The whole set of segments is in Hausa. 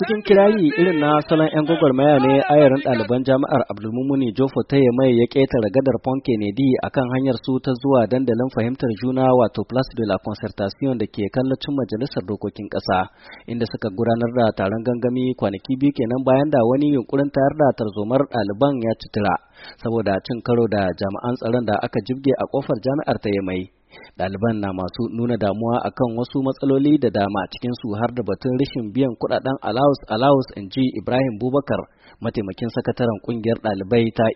Cikin kirayi irin na salon 'yan gwagwarmaya ne ayarin ɗaliban jami'ar Abdulmumuni Jofo ta mai ya ƙetare gadar ne Kennedy a kan hanyar su ta zuwa dandalin fahimtar juna wato Place de la Concertation da ke kallacin Majalisar Dokokin Ƙasa, inda suka gudanar da taron gangami kwanaki biyu kenan bayan da wani yunkurin tayar da tarzomar ɗaliban ya citira, saboda cin karo da jami'an tsaron da aka jibge a kofar jami'ar ta mai. Ɗaliban na masu nuna damuwa akan wasu matsaloli da dama cikinsu har da batun rashin biyan kuɗaɗen allowance allowance in ji Ibrahim Bubakar mataimakin sakataren kungiyar ɗalibai ta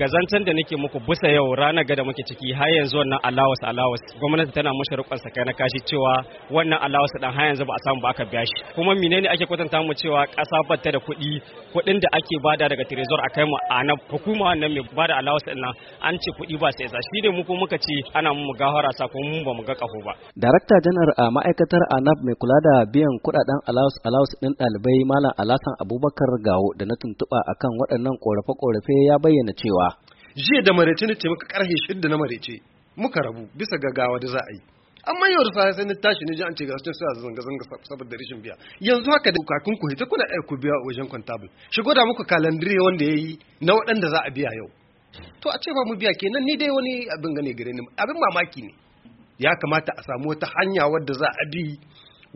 Ga zancen da nake muku busa yau ranar ga da muke ciki har yanzu wannan alawas alawas gwamnati tana mushi rukun sakai na kashi cewa wannan alawas dan har yanzu ba a samu ba aka biya shi. Kuma menene ake kwatanta mu cewa kasa batta da kuɗi kuɗin da ake bada daga Trezor a kai mu a nan hukuma wannan mai bada alawas din an ce kuɗi ba sai shi ne mu ko muka ce ana mu gahara sakamakon mu ba mu ga kafo ba. Darakta janar a ma'aikatar ANAP mai kula da biyan kuɗaɗen alawas alawas ɗin ɗalibai Malam Alasan Abubakar Gawo da na tuntuɓa akan waɗannan ƙorafe-ƙorafe ya bayyana cewa jiya da marece ne taimaka ƙarfe shidda na marece muka rabu bisa gaggawa da za a yi amma yau da sai na tashi ne ji an ce ga sun suna zanga zanga saboda rashin biya yanzu haka da kafin ku hita kuna ku biya wajen kwantabul shigo da muku kalandire wanda ya yi na waɗanda za a biya yau to a ce ba mu biya kenan ni dai wani abin gane gare ni abin mamaki ne ya kamata a samu wata hanya wadda za a bi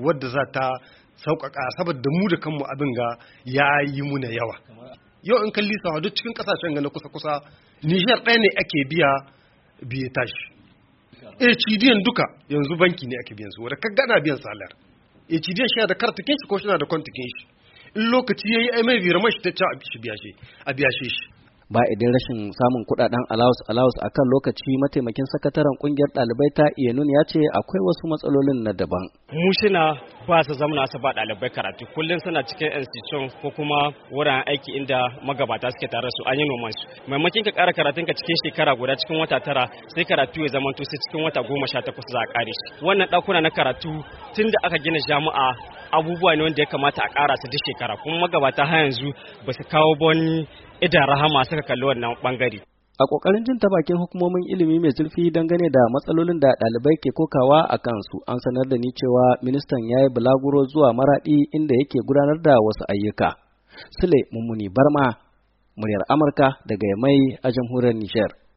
wadda za ta sauƙaƙa saboda mu da kanmu abin ga ya yi muna yawa yau in kalli sawa duk cikin ƙasashen ga na kusa-kusa nijar ɗaya ne ake biya biye tashi HDN duka yanzu banki ne ake biyan su wadda kaga ana biyan salar HDN shi da kartikin shi ko shi na da kwantikin shi in lokaci yayi yi mai bira mashi ta ci a a biya shi ba idan rashin samun kudaden allowance allowance a kan lokaci mataimakin sakataren kungiyar ɗalibai ta iyanun ya ce akwai wasu matsalolin na daban mushina ba su zama su ba ɗalibai karatu kullum suna cikin institution ko kuma wuraren aiki inda magabata suke tare su an yi noman su maimakin ka ƙara karatun ka cikin shekara guda cikin wata tara sai karatu ya zama sai cikin wata goma sha takwas za a kare shi wannan ɗakuna na karatu tun da aka gina jami'a abubuwa ne wanda ya kamata a kara su duk shekara kuma magabata har yanzu ba su kawo ba wani idan rahama suka kalli wannan bangare. A ƙoƙarin jin ta bakin hukumomin ilimi mai zurfi dangane da matsalolin da ɗalibai ke kokawa a kansu, an sanar da ni cewa ministan ya yi bulaguro zuwa maraɗi inda yake gudanar da wasu ayyuka. Sule Mummuni Barma, muryar Amurka daga Yamai a jamhuriyar Nijar.